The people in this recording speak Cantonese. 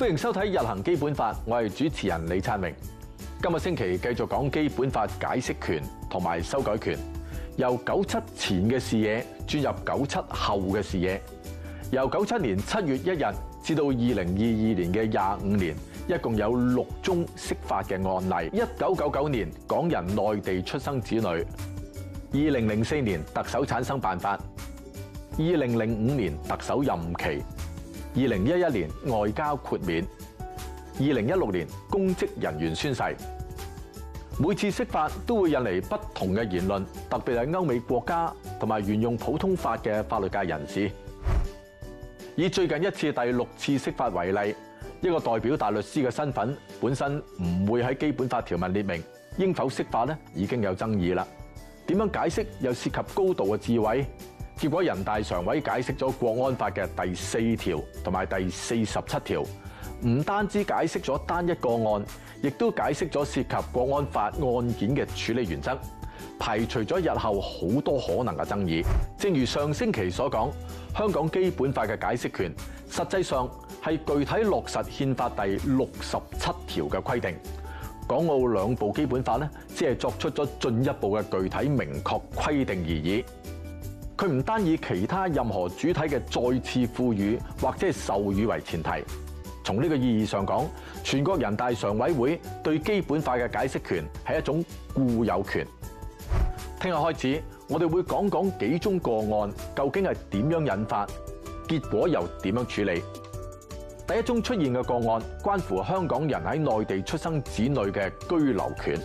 歡迎收睇《日行基本法》，我係主持人李燦榮。今個星期繼續講基本法解釋權同埋修改權，由九七前嘅視野轉入九七後嘅視野。由九七年七月一日至到二零二二年嘅廿五年，一共有六宗釋法嘅案例：一九九九年港人內地出生子女，二零零四年特首產生辦法，二零零五年特首任期。二零一一年外交豁免，二零一六年公職人員宣誓，每次釋法都會引來不同嘅言論，特別係歐美國家同埋沿用普通法嘅法律界人士。以最近一次第六次釋法為例，一個代表大律師嘅身份本身唔會喺基本法條文列明，應否釋法呢已經有爭議了。點樣解釋又涉及高度嘅智慧。結果人大常委解釋咗《國安法》嘅第四條同埋第四十七條，唔單止解釋咗單一個案，亦都解釋咗涉及《國安法》案件嘅處理原則，排除咗日後好多可能嘅爭議。正如上星期所講，香港基本法嘅解釋權，實際上係具體落實憲法第六十七條嘅規定。港澳兩部基本法呢，只係作出咗進一步嘅具體明確規定而已。佢唔單以其他任何主體嘅再次賦予或者係授予為前提，從呢個意義上講，全國人大常委會對基本法嘅解釋權係一種固有權。聽日開始，我哋會講講幾宗個案究竟係點樣引發，結果又點樣處理。第一宗出現嘅個案關乎香港人喺內地出生子女嘅居留權。